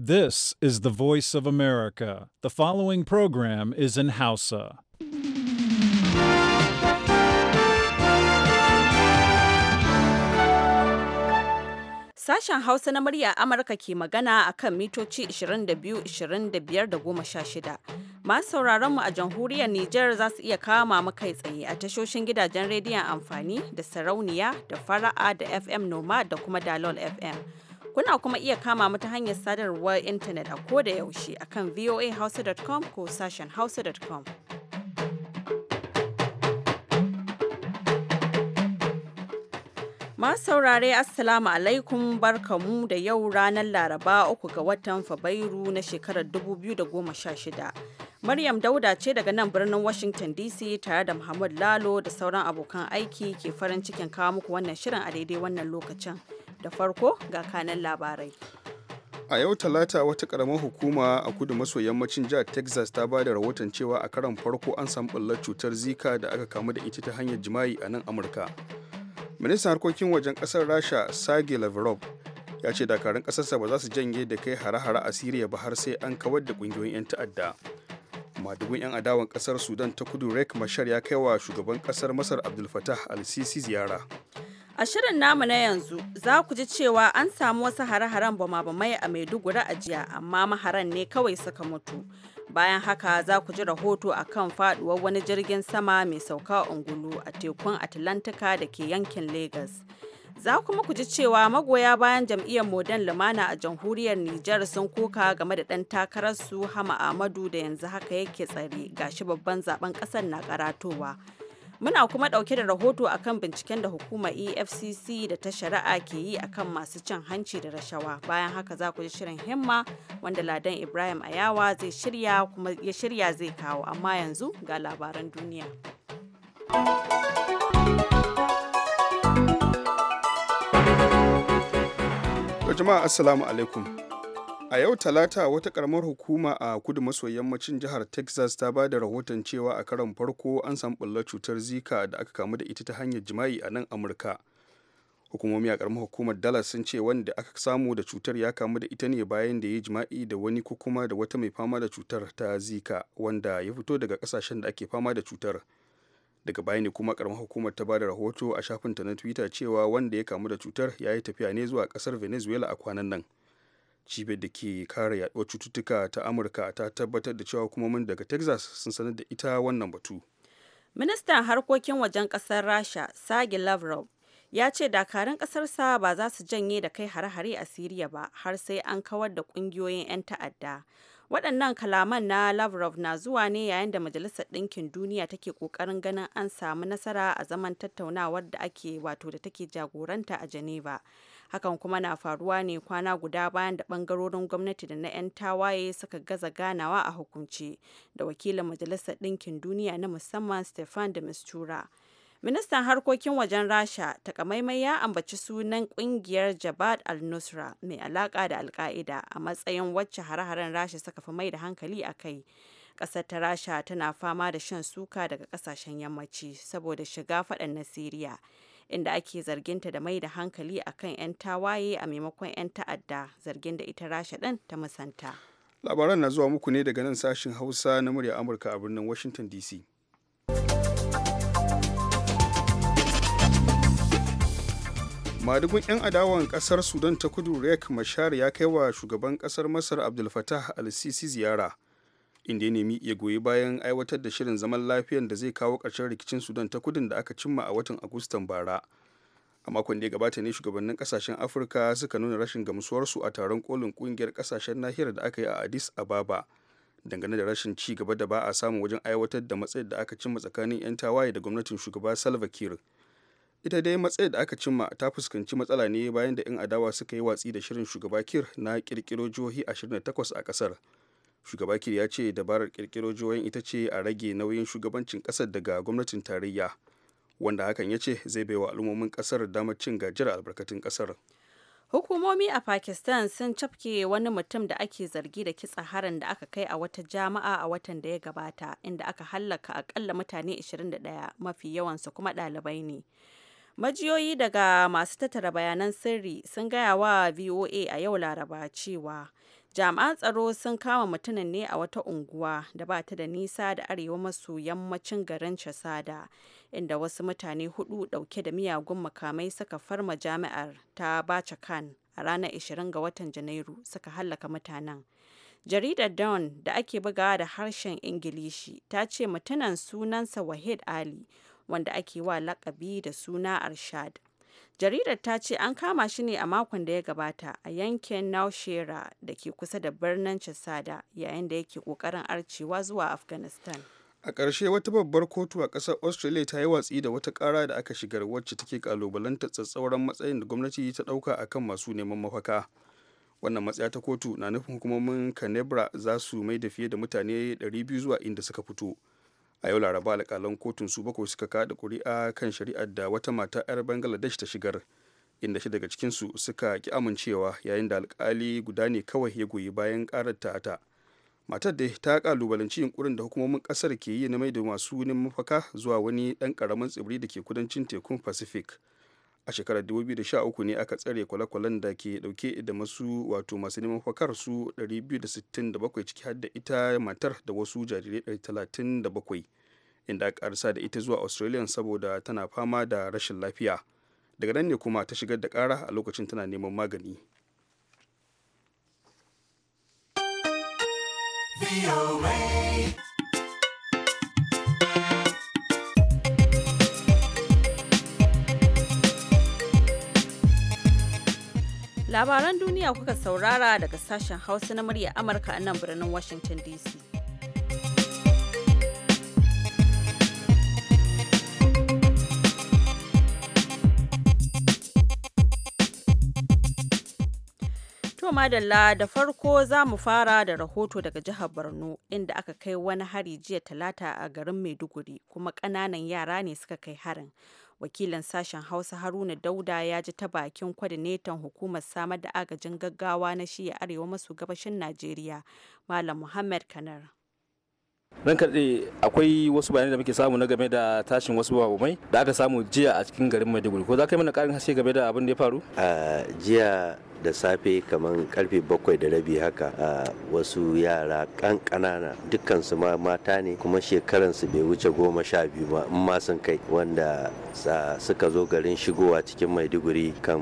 This is the voice of America. The following program is in Hausa. Sashen Hausa na murya Amurka ke magana a kan mitoci 22-25-16. Masu sauraron mu a jamhuriyar Nijar za su iya kama mu kai tsaye a tashoshin gidajen rediyon amfani da sarauniya da fara'a da FM Noma da kuma Dalol FM. Kuna kuma iya kama mu ta hanyar sadarwar intanet a ko da yaushe akan voahouse.com ko sashen hausa.com. Masu saurare Assalamu alaikum mu da yau ranar Laraba uku ga watan Fabairu na shekarar 2016. Maryam Dauda ce daga nan birnin Washington DC tare da Muhammad Lalo da sauran abokan aiki ke farin cikin kawo muku wannan shirin a daidai wannan lokacin. da farko ga kanan labarai. A yau talata wata karamar hukuma a kudu maso yammacin jihar Texas ta bada rahoton cewa a karon farko an samu ɓullar cutar zika da aka kamu da ita ta hanyar jima'i a nan Amurka. Ministan harkokin wajen ƙasar Rasha Sergey Lavrov ya ce dakarun ƙasarsa ba za su janye da kai hare-hare a Siriya ba har sai an kawar da ƙungiyoyin 'yan ta'adda. Madugun 'yan adawan ƙasar Sudan ta kudu Rek Mashar ya kai wa shugaban ƙasar Masar Abdul Fattah al-Sisi ziyara. A shirin namu na yanzu za ku ji cewa an samu wasu hare-haren bama-bamai a Maiduguri a jiya amma maharan ne kawai suka mutu. Bayan haka za ku ji rahoto a kan faduwar wani jirgin sama mai sauka ungulu a tekun Atlantika da ke yankin Legas. Za kuma ku ji cewa magoya bayan jam'iyyar Modern Lumana a jamhuriyar Nijar sun koka game da ɗan takararsu Hama Ahmadu da yanzu haka yake tsare gashi babban zaben ƙasar na karatowa. Muna kuma ɗauke da rahoto akan binciken da hukumar EFCC da ta shari'a ke yi akan masu cin hanci da rashawa. Bayan haka za ku ji shirin himma wanda Ladan Ibrahim Ayawa zai shirya kuma ya shirya zai kawo. Amma yanzu ga labaran duniya. Jama'a Assalamu alaikum. A yau Talata wata karamar hukuma a kudu maso yammacin jihar Texas ta ba da rahoton cewa a karon farko an samu bulla cutar Zika da aka kamu da ita ta hanyar jima'i a nan Amurka. Hukumomi a karamar hukumar Dallas sun ce wanda aka samu da cutar ya kamu da ita ne bayan da ya yi jima'i da wani ko kuma da wata mai fama da cutar ta Zika wanda ya fito daga kasashen da ake fama da cutar. Daga baya ne kuma karamar hukumar ta ba da rahoto a shafinta na Twitter cewa wanda ya kamu da cutar ya yi tafiya ne zuwa kasar Venezuela a kwanan nan. cibiyar da ke kare yaduwar cututtuka ta amurka ta tabbatar da cewa hukumomin daga texas sun sanar da ita wannan batu ministan harkokin wajen kasar rasha sage lavrov ya ce dakarun kasarsa ba za su janye da kai hare-hare a siriya ba har sai an kawar da kungiyoyin 'yan ta'adda waɗannan kalaman na lavrov na zuwa ne yayin da majalisar ɗinkin duniya take ƙoƙarin ganin an samu nasara a zaman tattaunawar da ake wato da take jagoranta a geneva hakan kuma na faruwa ne kwana guda bayan da bangarorin gwamnati da na 'yan tawaye suka gaza ganawa a hukunci da wakilin majalisar ɗinkin duniya na musamman stefan de mistura ministan harkokin wajen rasha takamaimai ya ambaci sunan kungiyar jabad al-nusra mai alaka da alka'ida a matsayin wacce hare-haren rasha suka fi mai da hankali a kai kasar ta rasha tana fama da shan suka daga kasashen yammaci saboda shiga faɗan na siriya inda ake zarginta da mai da hankali akan 'yan tawaye a maimakon 'yan ta'adda zargin da ita rasha ɗin ta musanta. Labaran na zuwa muku ne daga nan sashin Hausa na murya Amurka a birnin Washington DC. madugun 'yan adawan kasar sudan ta kudu rek mashar ya kai wa shugaban kasar masar abdulfatah al-sisi ziyara inda ya nemi ya goyi bayan aiwatar da shirin zaman lafiyan da zai kawo ƙarshen rikicin sudan ta kudin da aka cimma a watan agustan bara a makon da ya gabata ne shugabannin kasashen afirka suka nuna rashin gamsuwarsu a taron kolin kungiyar kasashen nahiyar da aka yi a addis ababa dangane da rashin ci gaba da ba a samu wajen aiwatar da matsayin da aka cimma tsakanin 'yan tawaye da gwamnatin shugaba salva kiir ita dai matsayin da aka cimma ta fuskanci matsala ne bayan da 'yan adawa suka yi watsi da shirin shugaba kiir na kirkiro jihohi 28 a kasar shugaba kir ya ce dabarar kirkiro jihohin ita ce a rage nauyin shugabancin kasar daga gwamnatin tarayya wanda hakan ya ce zai baiwa al'ummomin kasar damar cin gajiyar albarkatun kasar hukumomi a pakistan sun cafke wani mutum da ake zargi da kitsa harin da aka kai a wata jama'a a watan da ya gabata inda aka hallaka akalla mutane 21 mafi yawansu kuma ɗalibai ne majiyoyi daga masu tattara bayanan sirri sun gaya wa voa a yau laraba cewa jami'an tsaro sun kama mutumin ne a wata unguwa da ba ta da nisa da arewa maso yammacin garin chasada inda wasu mutane hudu dauke da miyagun makamai suka farma jami'ar ta bacha kan a ranar 20 ga watan janairu suka hallaka mutanen jaridar dawn da ake bugawa da harshen ingilishi ta ce mutumin sunansa wahid ali wanda ake wa lakabi da suna arshad Jaridar ta ce an kama shi ne a makon da ya gabata a yankin Nowshera da ke kusa da birnin Chisada yayin da yake kokarin arcewa zuwa Afghanistan. A ƙarshe wata babbar kotu a ƙasar Australia ta yi watsi da wata ƙara da aka shigar wacce take ƙalubalanta tsatsauran matsayin da gwamnati ta ɗauka kan masu neman mafaka. Wannan matsaya ta kotu na nufin hukumomin Canberra za su mai da fiye da mutane 200 zuwa inda suka fito. a yau laraba alƙalan kotun su bakwai suka kada ƙuri'a kan shari'ar da wata mata 'yar bangladesh ta shigar inda shi daga cikinsu suka ki amincewa yayin da alƙali guda ne kawai ya goyi bayan ƙarar ta ta matar da ta ƙalubalanci yunkurin da hukumomin ƙasar ke yi na mai da masu neman mafaka zuwa wani ɗan karamin tsibiri da ke kudancin tekun pacific a shekarar 2013 ne aka tsare kwale-kwalen da ke dauke da masu wato masu neman fakar su 267 ciki har da ita matar da wasu jarirai 37 inda aka arsa da ita zuwa australia saboda tana fama da rashin lafiya daga nan ne kuma ta shigar da kara a lokacin tana neman magani Labaran duniya kuka saurara daga sashen Hausa na murya Amurka a nan birnin Washington DC. To madalla da farko za mu fara da rahoto daga jihar Borno inda aka kai wani hari jiya talata a garin Maiduguri kuma kananan yara ne suka kai harin. wakilin sashen hausa haruna dauda ya ji ta bakin kwadinetan hukumar samar da agajin gaggawa na shi shiya arewa maso gabashin najeriya malam muhammad kanar don karɗe akwai wasu bayanai da muke samu na game da tashin wasu babamai da aka samu jiya a cikin garin maiduguri ko za ka yi mana ƙarin haske game da abin da ya faru jiya da safe kamar karfe bakwai da rabi haka a wasu yara kankanana dukkansu ma mata ne kuma shekaransu bai wuce goma sha biyu ba in ma sun kai wanda suka zo garin shigowa cikin maiduguri kan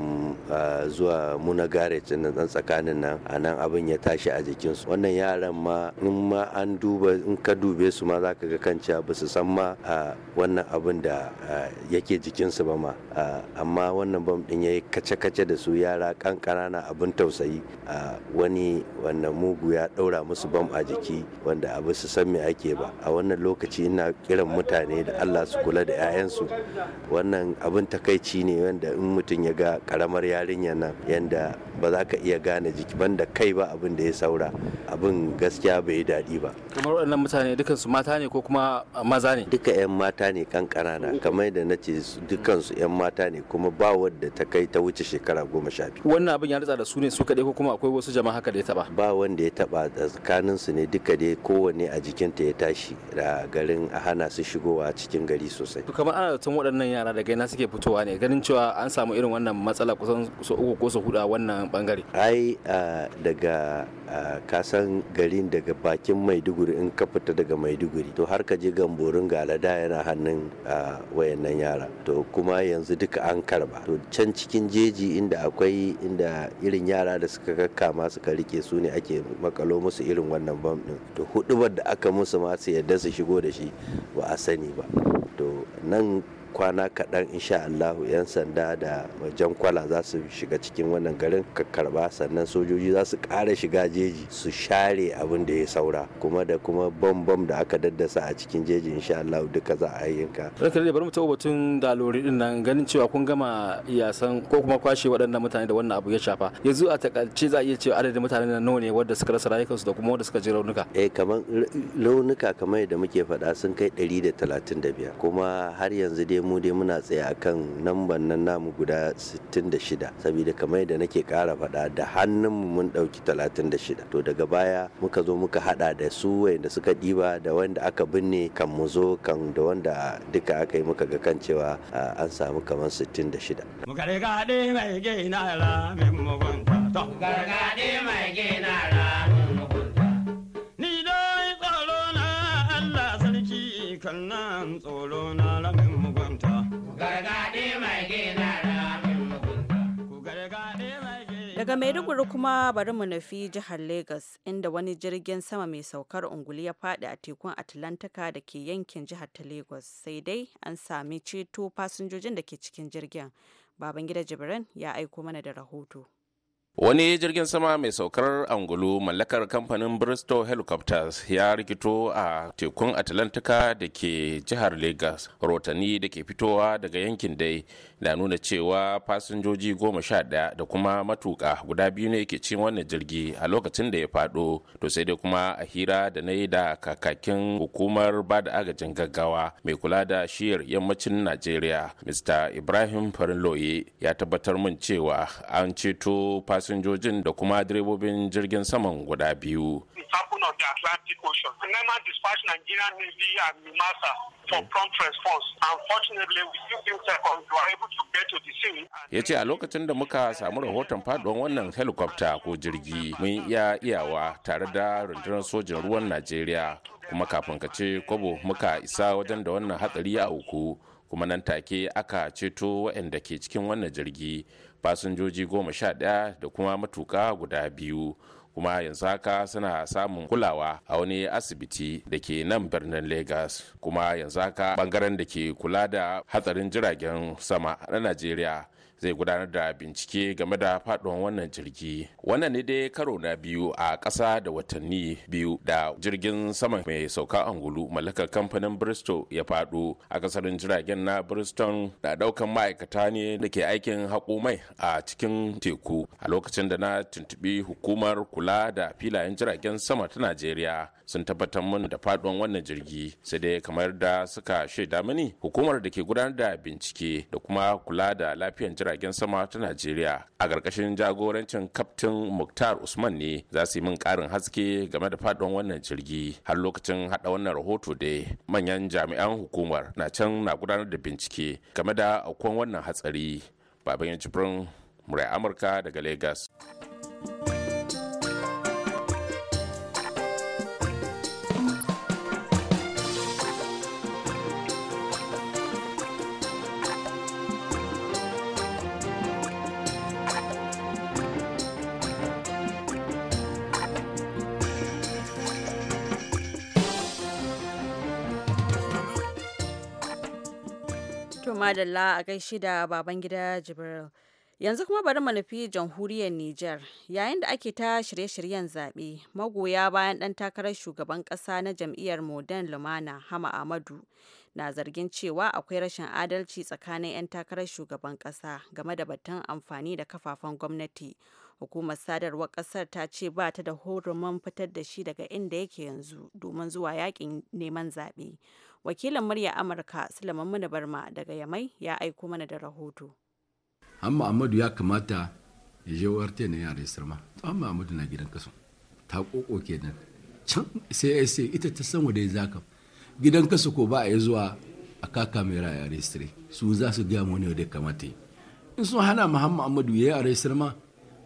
zuwa muna gare na tsakanin nan a nan abin ya tashi a jikinsu wannan yaran ma in ma an duba in ka dube su ma za ka ga kanciya ba su san ma a wannan abin da yake jikinsu ba ma amma wannan bam din ya yi kace-kace da su yara kankana rana abin tausayi a wani wannan mugu ya ɗaura musu bam a jiki wanda abu su san me ake ba a wannan lokaci ina kiran mutane da allah su kula da 'ya'yansu wannan abin takaici ne wanda in mutum ya ga karamar yarinya nan yanda ba za ka iya gane jiki banda kai ba abin da ya saura abin gaskiya bai yi daɗi ba kamar waɗannan mutane dukansu mata ne ko kuma maza ne duka 'yan mata ne kan ƙanana kamar yadda na ce dukansu 'yan mata ne kuma ba wadda ta kai ta wuce shekara goma sha biyu wannan abin ya ya da su ne su kaɗai ko kuma akwai wasu jama'a haka da ya taɓa ba wanda ya taɓa tsakanin su ne duka dai kowanne a jikinta ya tashi da garin a hana su shigowa cikin gari sosai to kamar ana tun waɗannan yara da gaina suke fitowa ne ganin cewa an samu irin wannan matsala kusan su uku ko su hudu a wannan bangare ai daga kasan garin daga bakin maiduguri in ka fita daga maiduguri to har ka je gamborin galada yana hannun wayannan yara to kuma yanzu duka an karba to can cikin jeji inda akwai inda irin yara da suka kakkama suka rike su ne ake makalo musu irin wannan bam din to hudubar da aka musu ma su yadda su shigo da shi ba a sani ba to nan kwana kaɗan insha Allahu 'yan sanda da wajen kwala za su shiga cikin wannan garin ka karba sannan sojoji za su ƙara shiga jeji su share abin da ya saura kuma da kuma bom bom da aka daddasa a cikin jeji insha Allahu duka za a yi ka. Ranka da bari mu taɓa batun lori din nan ganin cewa kun gama yasan ko kuma kwashe waɗannan mutane da wannan abu ya shafa yanzu a takalce za a iya cewa adadin mutanen na nawa ne wanda suka rasa rayukansu da kuma wanda suka ji raunuka. Eh kamar raunuka kamar yadda muke faɗa sun kai 135 kuma har yanzu dai mu dai muna tsaye akan namban nan namu guda 66 saboda kamar da nake kara faɗa da hannun mu mun ɗauki 36 to daga baya muka zo muka hada da su wanda suka diba da wanda aka binne kan mu zo kan da wanda duka aka yi muka ga kan cewa an samu kamar 66 gargaɗe tsoro na Allah sarki kan nan tsoro Daga Maiduguri kuma bari mu nufi jihar lagos inda wani jirgin sama mai saukar unguli ya fadi a tekun Atlantika da ke yankin jihar ta lagos sai dai an sami ceto fasinjojin da ke cikin jirgin. Babangida Jibrin ya aiko mana da rahoto. wani jirgin sama mai saukar angulu mallakar kamfanin bristol helicopters ya rikito a tekun atlantika da ke jihar lagos rotani da ke fitowa daga yankin dai na nuna cewa fasinjoji goma sha ɗaya da kuma matuka guda biyu ne ke cin wannan jirgi a lokacin da ya faɗo to sai dai kuma a hira da na yi da kakakin hukumar ba da agajin gaggawa mai kula da shiyar yammacin najeriya mr ibrahim farin ya tabbatar min cewa an ceto fasinjojin da kuma direbobin jirgin saman guda biyu. Mm. ya ce a lokacin da muka samu rahoton faduwan wannan helikwafta ko jirgi mun iya iyawa tare da rundunar sojin ruwan najeriya kuma kafin ka ce kwabo muka isa wajen da wannan hatsari ya auku kuma nan take aka ceto waɗanda ke cikin wannan jirgi fasinjoji goma sha ɗaya da kuma matuka guda biyu kuma yanzu haka suna samun kulawa a wani asibiti da ke nan birnin lagos kuma yanzu haka bangaren da ke kula da hatsarin jiragen sama na najeriya zai gudanar da bincike game da faduwan wannan jirgi wannan ne dai karo na biyu a ƙasa da watanni biyu da jirgin sama mai sauka angulu mallakar kamfanin bristol ya faɗo a kasarin jiragen na bristol na daukan ma'aikata ne da ke aikin haƙo mai a cikin teku a lokacin da na tuntubi hukumar kula da filayen jiragen sama ta najeriya sun tabbatar mun da faduwan wannan jirgi sai dai kamar da suka shaida mini hukumar da ke gudanar da bincike da kuma kula da lafiyar jiragen jiragen sama ta najeriya a ƙarƙashin jagorancin kaftin muktar usman ne za su yi min ƙarin haske game da faɗin wannan jirgi har lokacin haɗa wannan rahoto da manyan jami'an hukumar na can na gudanar da bincike game da akwai wannan hatsari baban ya jibrin murai amurka daga lagos Madalla a gaishe da gida Jibril. Yanzu kuma bari mu nufi jamhuriyar niger Yayin da ake ta shirye-shiryen zaɓe, magoya bayan ɗan takarar shugaban ƙasa na jam'iyyar Modern Lumana, Hama Amadu, na zargin cewa akwai rashin adalci tsakanin 'yan takarar shugaban ƙasa game da batun amfani da kafafen gwamnati. Hukumar sadarwar ƙasar ta ce ba ta da hurumin fitar da shi daga inda yake yanzu domin zuwa yakin neman zaɓe. wakilin murya amurka sulaiman mana barma daga yamai ya aiko mana da rahoto amma amadu ya kamata ya je warte ne yare sirma amma amadu na gidan kaso ta koko kenan can sai ya sai ita ta san wadai ka gidan kaso ko ba a yi zuwa a ka kamera ya restore su za su gaya mu ne wadai kamata in sun hana muhammadu amadu ya yi a ma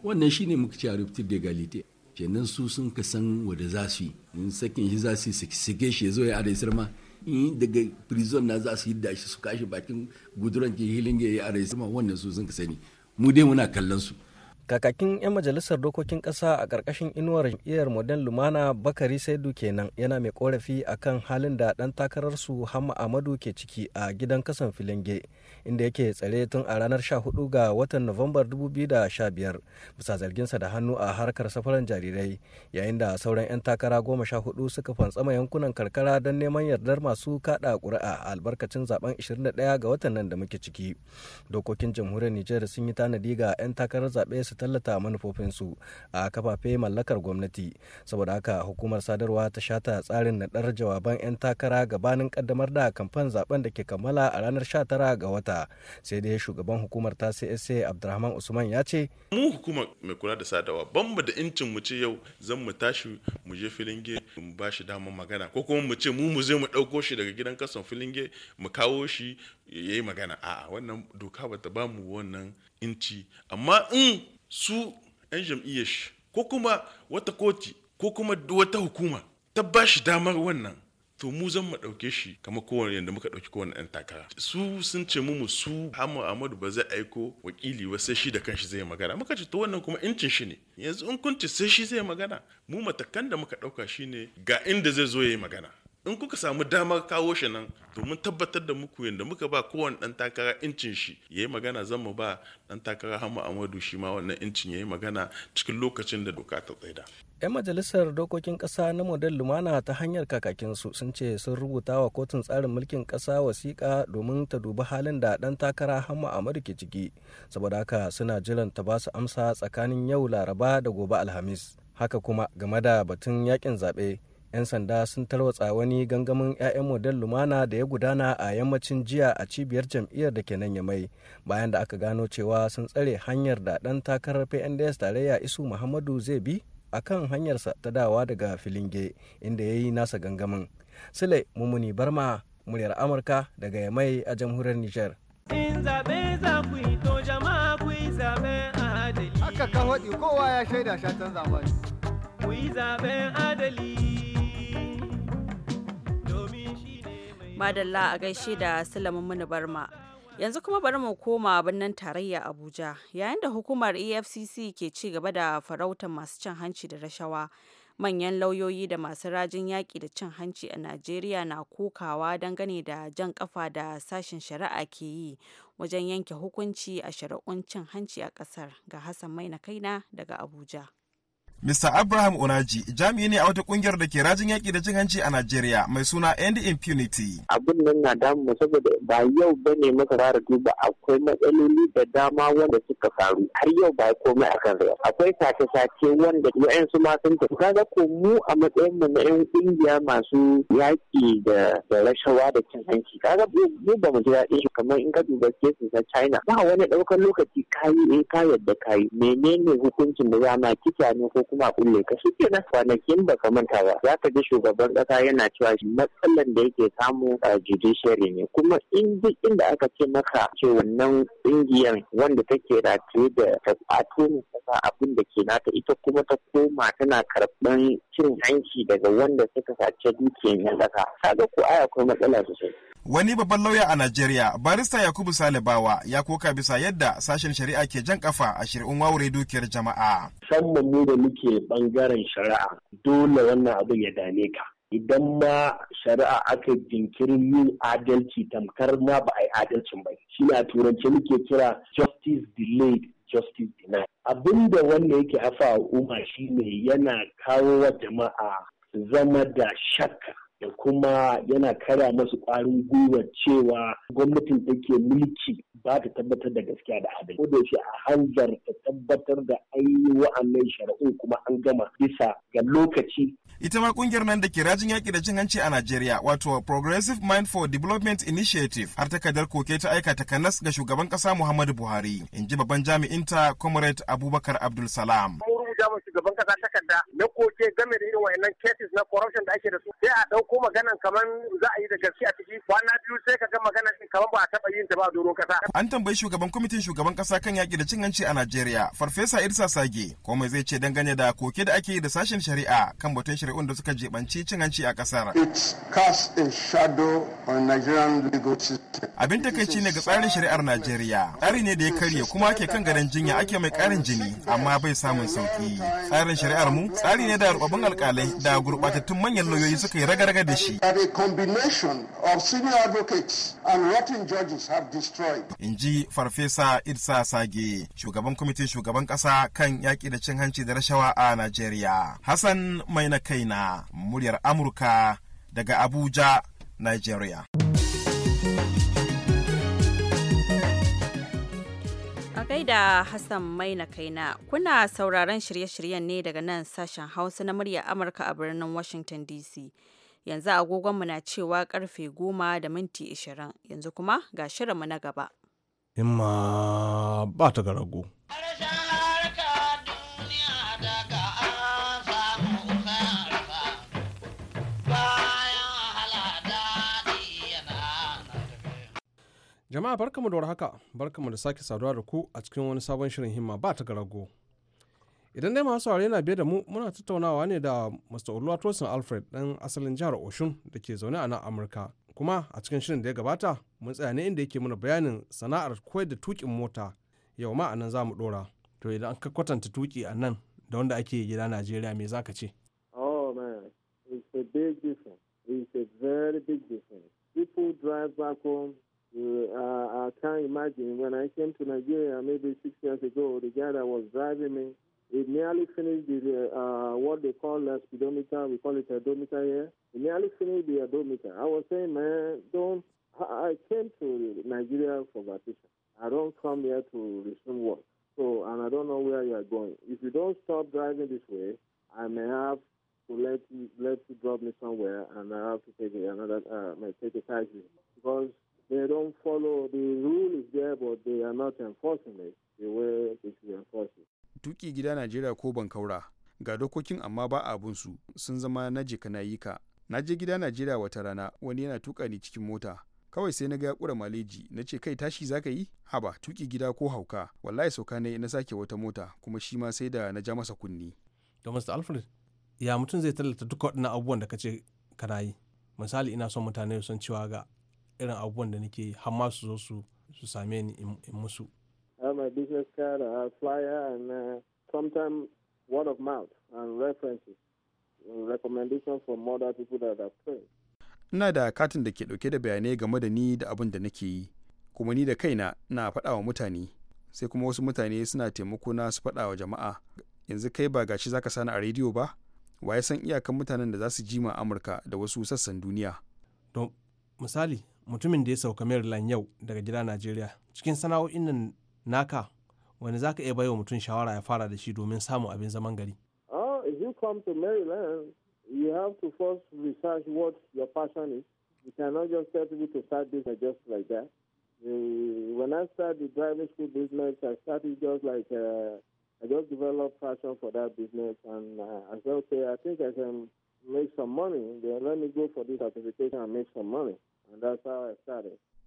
wannan shine muka ce a ruptir da galite kenan su sun ka san wadda za su yi in sakin shi za su yi su shi ya zo ya a ma. in daga prison na za su yi shi su kashi bakin guduran ke hilin ya yi a rai wannan su sun ka sani mu dai muna kallon su kakakin 'yan majalisar dokokin ƙasa a ƙarƙashin inuwar iyar modern lumana bakari saidu kenan yana mai korafi a kan halin da ɗan takararsu hamma amadu ke ciki a gidan kasan filinge inda yake tsare tun a ranar 14 ga watan novambar 2015 bisa zarginsa da hannu a harkar safaran jarirai yayin da sauran 'yan takara goma sha hudu suka fantsama yankunan karkara don neman yardar masu kaɗa ƙuri'a a albarkacin zaben 21 ga watan nan da muke ciki dokokin jamhuriyar nijar sun yi tanadi ga 'yan takarar zaɓe su tallata manufofinsu a kafafe mallakar gwamnati saboda haka hukumar sadarwa ta shata tsarin naɗar jawaban 'yan takara gabanin kaddamar da kamfan zaben da ke kammala a ranar 19 ga wata sai dai shugaban hukumar ta csa abdurrahman usman ya ce mu hukumar mai kula da sadarwa ban mu da incin mu ce yau zan mu tashi mu je filinge mu ba shi damar magana ko kuma mu ce mu mu je mu dauko shi daga gidan kasan filinge mu kawo shi ya yi magana a'a wannan doka bata ba mu wannan Inci amma in su 'yan jam'iyyar shi ko kuma wata koti ko kuma wata hukuma ta ba shi damar wannan to mu zan mu ɗauke shi kama kowane yadda muka dauki kowane yan takara su sun ce mu su hamu amadu ba zai aiko wakili ba sai shi da kanshi zai magana muka ce to wannan kuma incin shi ne yanzu in kunci sai shi zai magana mu matakan da muka ɗauka shine ga inda zai zo ya yi magana in kuka samu damar kawo shi nan domin tabbatar da muku yadda muka ba kowane ɗan takara incin shi ya yi magana zan mu ba ɗan takara hamu amadu shi ma wannan incin ya yi magana cikin lokacin da doka ta tsaida. 'yan majalisar dokokin ƙasa na model lumana ta hanyar kakakinsu sun ce sun rubuta wa kotun tsarin mulkin ƙasa wasiƙa domin ta dubi halin da ɗan takara hamu amadu ke ciki saboda haka suna jiran ta ba su amsa tsakanin yau laraba da gobe alhamis haka kuma game da batun yakin zaɓe 'yan sanda sun tarwatsa wani gangamin 'ya'yan model lumana da ya gudana a yammacin jiya a cibiyar jam'iyyar da ke nan ya mai bayan da aka gano cewa sun tsare hanyar da dan takarar pnds tarayya isu muhammadu zai bi a kan hanyarsa ta dawa daga filinge inda ya yi nasa gangamin sule mumuni barma muryar amurka daga ya mai a jamhuriyar nijar haka kan kowa ya shaida shatan zaɓen adali madalla a gaishe da sulamin mini barma yanzu kuma bari mu koma birnin tarayya abuja yayin da hukumar efcc ke ci gaba da farautar masu cin hanci da rashawa manyan lauyoyi da masu rajin yaƙi da cin hanci a najeriya na kokawa dangane da jan ƙafa da sashen shari'a ke yi wajen yanke hukunci a shari'un cin hanci a ƙasar ga hassan mai na kaina daga abuja Mr. Abraham Unaji jami'i ne a wata kungiyar da ke rajin yaƙi da cin hanci a Najeriya mai suna End Impunity. Abin nan na damu saboda ba yau ba ne muka rara duba akwai matsaloli da dama wanda suka faru har yau ba komai a kan Akwai sace-sace wanda yayan su ma sun tafi. Kaga ko mu a matsayin mu na yan kungiya masu yaƙi da rashawa da cin hanci. Kaga mu ba mu ji daɗin shi kamar in ka duba kesin na China. Ba wani ɗaukar lokaci kayi in ka eh, yadda kayi menene hukuncin da za ma kisa ne ko kuma kulle ka shi na kwanakin ba ka manta ba za ka ji shugaban kasa yana cewa matsalan da yake samu a judiciary ne kuma in duk inda aka ce maka ce wannan ƙungiyar wanda take rataye da ta kwato kasa abin da ke nata ita kuma ta koma tana karɓan cin hanci daga wanda suka sace dukiyar yan kasa kaga ko aya akwai matsala sosai Wani babban lauya a Najeriya, barista Yakubu Salibawa ya koka bisa yadda sashen shari'a ke jan kafa a shirin wawure dukiyar jama'a. Musamman ne da muke bangaren shari'a dole wannan abin ya dame ka. Idan ma shari'a aka jinkiri yin adalci tamkar ma ba a yi adalcin ba. Shi na turance muke kira justice delayed justice denied. Abin da wanda yake hafa Umma shine yana kawo wa jama'a zama da shakka da kuma yana kara masu ƙwarin gwiwa cewa gwamnatin take mulki ba ta tabbatar da gaskiya da adalci ko da shi a hanzar ta tabbatar da an yi wa'annan shari'un kuma an gama bisa ga lokaci ita ma kungiyar nan da ke rajin yaki da cin hanci a Najeriya wato Progressive Mind for Development Initiative har takardar koke ta aika takanas ga shugaban ƙasa Muhammadu Buhari in ji babban jami'inta Comrade Abubakar Abdul Salam. Abuja wa shugaban kasa takarda na koke game da irin wayannan cases na corruption da ake da su sai a dauko magana kamar za a yi da gaske a ciki kwana biyu sai ka ga magana kamar ba a taba yin ta ba doron kasa an tambayi shugaban kwamitin shugaban kasa kan yaki da cin hanci a Najeriya farfesa Idrisa Sage komai zai ce dangane da koke da ake yi da sashen shari'a kan batun shari'un da suka jebanci cin hanci a kasar abin takaici ne ga tsarin shari'ar Najeriya tsari ne da ya karye kuma ake kan gadan jinya ake mai karin jini amma bai samun sauki tsarin shari'ar mu tsari ne da rubabbun alkalai da gurbatattun manyan lauyoyi suka yi raga-raga da shi in ji farfesa idsa sage shugaban kwamitin shugaban kasa kan yaƙi da cin hanci da rashawa a najeriya hassan mai na kaina muryar amurka daga abuja nigeria A gaida Hassan Maina Kaina, kuna sauraron shirye-shiryen ne daga nan sashen Hausa na murya Amurka a birnin Washington DC. Yanzu agogonmu na cewa karfe goma da minti ishirin, yanzu kuma ga shirinmu na gaba. Imma ba ta garago. Jama'a barkamu da warhaka, barkamu da sake saduwa da ku a cikin wani sabon shirin himma ba ta garago. Idan dai masu saurare na biye da mu muna tattaunawa ne da Mr. Oluwatosin Alfred ɗan asalin jihar Oshun da ke zaune a nan Amurka. Kuma a cikin shirin da ya gabata mun tsaya ne inda yake mana bayanin sana'ar koyar da tukin mota yau ma a nan za mu ɗora. To idan ka kwatanta tuki a nan da wanda ake gida Najeriya me zaka ce? Oh man, it's a big difference. It's a very big difference. People drive back home Uh, I, can't imagine. When I came to Nigeria maybe six years ago, the guy that was driving me, he nearly finished the, uh, what they call a speedometer. We call it a odometer here. He nearly finished the odometer. I was saying, man, don't. I came to Nigeria for vacation. I don't come here to resume work. So, and I don't know where you are going. If you don't stop driving this way, I may have to let you, let you drop me somewhere, and I have to take another, uh, may take a taxi because they don't follow the rule is there but they are not enforcing it the way it is enforced. Tuki gida Najeriya ko bankaura ga dokokin amma ba abun su sun zama na jika na yi ka. Na je gida Najeriya wata rana wani yana tuka ni cikin mota. Kawai sai na ga ya kura maleji na ce kai tashi zaka yi? Haba tuki gida ko hauka wallahi sauka ne na sake wata mota kuma shi ma sai da na ja masa kunni. To Mr. Alfred ya mutum zai tallata duk waɗannan abubuwan da ka ce kana yi. Misali ina son mutane su san cewa ga irin abubuwan da nake yi har ma su zo su su same ni in musu I'm business card, a flyer, and uh, sometimes word of mouth and references, and other people that have Ina da katin da ke ɗauke da bayanai game da ni da abin da nake yi, kuma ni da kaina na faɗa wa mutane, sai kuma wasu mutane suna taimako na su faɗa wa jama'a. Yanzu kai ba gashi zaka sani a rediyo ba? wa ya san iyakan mutanen da za su ji ma Amurka da wasu sassan duniya? Don misali, mutumin da ya sauka maryland yau daga gida najeriya cikin sana'o'in nan naka wani za ka iya mutum shawara ya fara da shi domin samun abin zaman gari ah, if you come to maryland you have to first research what your passion is you cannot just tell people to start business just like that when i started the driving school business i started just like uh, I just developed passion for that business, and uh, I said, okay, I think I can make some money. Then let me go for this certification and make some money.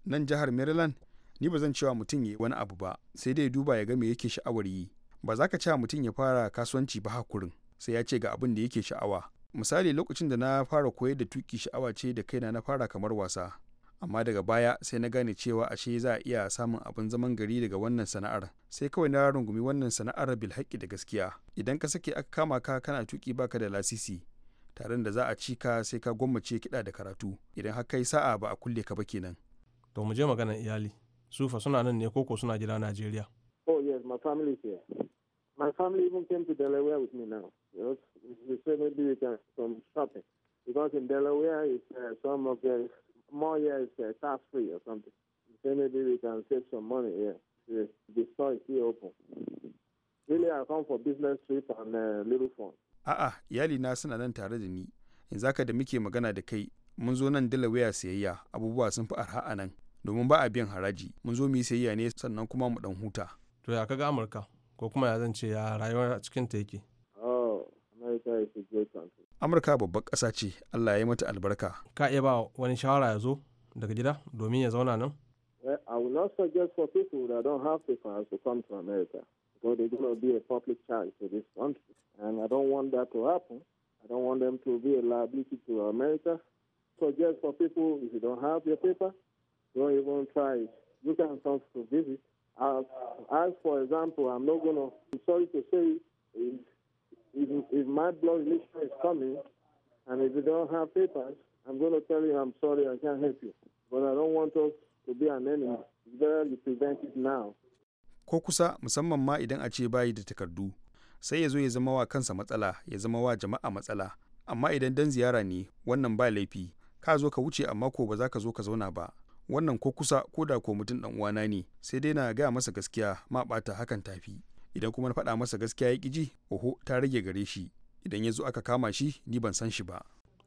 nan jihar maryland ni ba zan cewa mutum ya yi wani abu ba sai dai duba ya ga me yake sha'awar yi ba za ka cewa mutum ya fara kasuwanci ba hakurin sai ya ce ga abin da yake sha'awa misali lokacin da na fara koyar da tuki sha'awa ce da kaina na fara kamar wasa amma daga baya sai na gane cewa ashe za a iya samun abin zaman gari daga wannan sana'ar sai kawai na rungumi wannan sana'ar bilhaki da gaskiya idan ka sake aka kama ka kana tuki baka da lasisi taron da za a ci ka sai ka gwammace kiɗa da karatu idan har kai sa'a ba a kulle ka ba kenan to mu je maganar iyali sufa suna nan ne koko suna gida Najeriya oh yes my family is here my family even came to Delaware with me now you know you say maybe we can some shopping because in Delaware it's uh, some of the more years uh, tax free or something say maybe we can save some money here yeah. the store is still open really I come for business trip and uh, little fun a'a iyalina suna nan tare da ni yanzu haka da muke magana da kai mun zo nan delaware sayayya abubuwa sun fi arha a nan domin ba a biyan haraji mun zo mu yi sayayya ne sannan kuma mu dan huta to ya kaga amurka ko kuma ya zance ya rayuwa a cikin ta yake oh, amurka babbar ƙasa ce allah ya yi mata albarka ka iya ba wani shawara ya zo daga gida domin ya zauna nan eh, I will not suggest for people that So there's going to be a public charge to this country. And I don't want that to happen. I don't want them to be a liability to America. So just for people, if you don't have your paper, don't even try it. You can come to visit. As, as for example, I'm not going to, I'm sorry to say, if, if, if my blood relation is coming, and if you don't have papers, I'm going to tell you I'm sorry, I can't help you. But I don't want us to be an enemy. It's better you prevent it now ko kusa musamman ma idan a ce bayi da takardu sai ya zo ya zama wa kansa matsala ya zama wa jama'a matsala amma idan dan ziyara ne wannan ba laifi ka zo ka wuce amma ko ba za ka zo ka zauna ba wannan ko kusa ko da ko mutum dan uwana ne sai dai na gaya masa gaskiya ma bata hakan tafi idan kuma na faɗa masa gaskiya ya ƙiji oho ta rage gare shi idan ya zo aka kama shi ni ban san shi ba.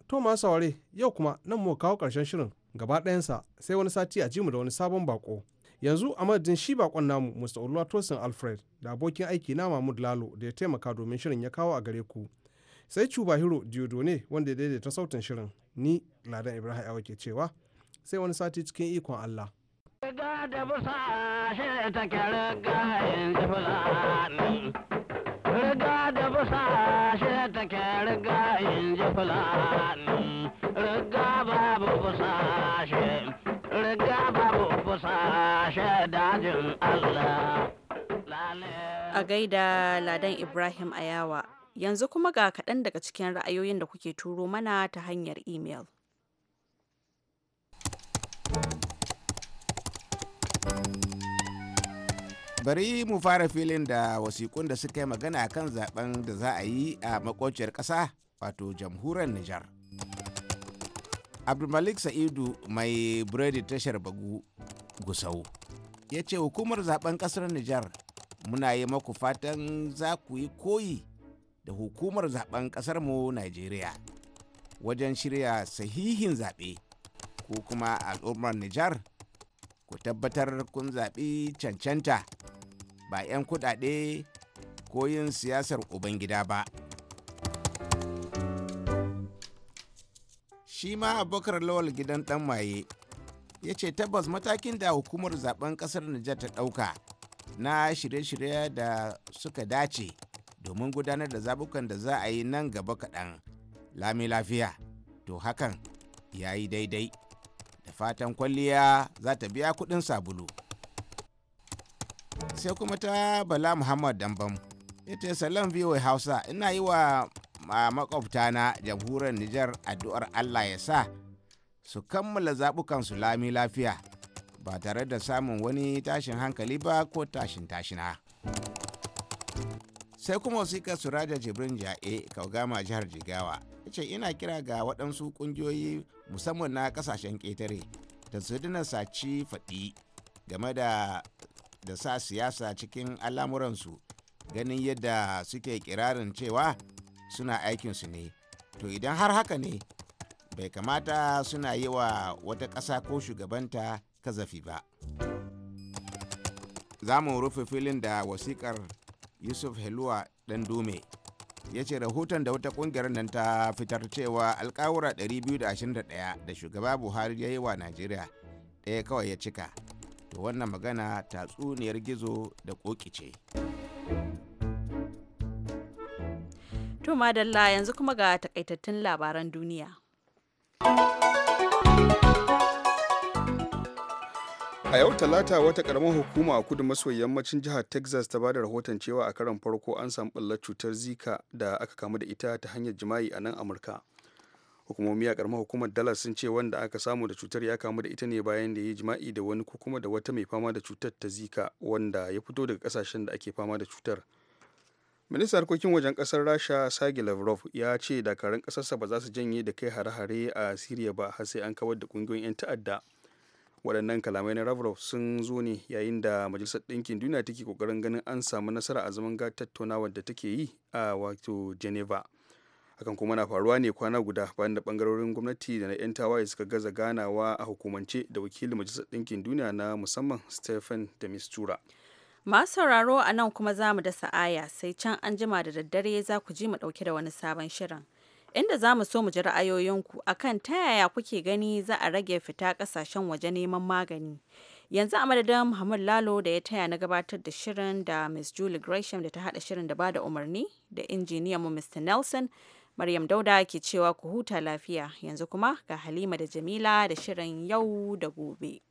To masu saware yau kuma nan mu kawo ƙarshen shirin gaba ɗayansa sai wani sati a ji mu da wani sabon bako. yanzu a madadin shi bakon namu mr oluwa tosin alfred da abokin aiki na mahmud lalo da ya taimaka domin shirin ya kawo a gare ku sai cuba hiro diodone wanda ya ta sautin shirin ni ladan ibrahim awa ke cewa sai wani sati cikin ikon allah Riga da busa shi ta riga in ji fulani, riga babu busa A gaida Ladan Ibrahim Ayawa, yanzu kuma ga kaɗan daga cikin ra'ayoyin da kuke turo mana ta hanyar imel. Bari mu fara filin da wasikun da suka yi magana kan zaben da za a yi a makociyar ƙasa wato jamhuriyar Nijar. Abdulmalik Sa'idu mai biredi tashar Bagu Gusau. Ya ce hukumar zaben ƙasar Nijar muna yi maku fatan za ku yi koyi da hukumar zaben mu Najeriya wajen shirya sahihin zaɓe ko kuma al'ummar Nijar ku tabbatar kun zaɓi cancanta ba 'yan kuɗaɗe ko yin siyasar Ubangida ba. Shi ma abokar lawal gidan ɗan maye ya ce tabbas matakin da hukumar zaben kasar Nijar ta ɗauka na shirye-shirye da suka dace domin gudanar da zabukan da za a yi nan gaba kaɗan lami lafiya to hakan ya yi daidai da fatan kwalliya za ta biya kuɗin sabulu sai kuma ta bala muhammad dambam ita salam voa hausa ina yi wa ah, makwabtana jamhuriyar nijar addu'ar allah ya sa su kammala zaɓukan su lami lafiya ba tare da samun wani tashin hankali ba ko tashin tashina sai kuma wasiƙar suraja jibrin ja'e kaugama jihar jigawa ce ina kira ga waɗansu ƙungiyoyi musamman na ƙasashen ƙetare da su dina saci faɗi game da da sa siyasa cikin al'amuransu ganin yadda suke kirarin cewa suna aikinsu ne to idan har haka ne bai kamata suna yi wa wata ƙasa ko shugabanta kazafi ba za mu rufe filin da wasikar yusuf heluwa ɗan dume ya ce rahoton da wata ƙungiyar nan ta fitar cewa alkawura 221 da shugaba buhari ya yi wa najeriya ɗaya kawai ya cika to wannan magana tatsuniyar gizo da ƙoƙi ce to madalla yanzu kuma ga takaitattun labaran duniya a yau talata wata karamar hukuma a kudu maso yammacin jihar texas ta bada rahoton cewa a karon farko an samu ɓullar cutar zika da aka kamu da ita ta hanyar jima'i a nan amurka hukumomi a karamar hukumar dallas sun ce wanda aka samu da cutar ya kamu da ita ne bayan da ya yi jima'i da wani ko kuma da wata mai fama da cutar ta zika wanda ya fito daga kasashen da ake fama da cutar ministan harkokin wajen kasar rasha sage lavrov ya ce dakarun kasarsa ba za su janye da kai hare-hare a syria ba har sai an kawar da kungiyoyin 'yan ta'adda waɗannan kalamai na lavrov sun zo ne yayin da majalisar ɗinkin duniya take kokarin ganin an samu nasara a zaman tattaunawa da take yi a wato geneva hakan kuma na faruwa ne kwana guda bayan da bangarorin gwamnati da na 'yan tawaye suka gaza ganawa a hukumance da wakilin majalisar ɗinkin duniya na musamman stephen de mistura Masu sauraro a nan kuma za mu da sa'aya sai can an jima da daddare za ku ji mu ɗauke da wani sabon shirin. Inda za mu so mu ji ra'ayoyinku a kan ta yaya kuke gani za a rage fita ƙasashen waje neman magani. yanzu a madadin muhammad lalo da ya taya na gabatar da shirin da miss julie gresham da ta hada shirin da ba da umarni da injiniyan mu mr nelson maryam dauda ke cewa ku huta lafiya yanzu kuma ga halima da jamila da shirin yau da gobe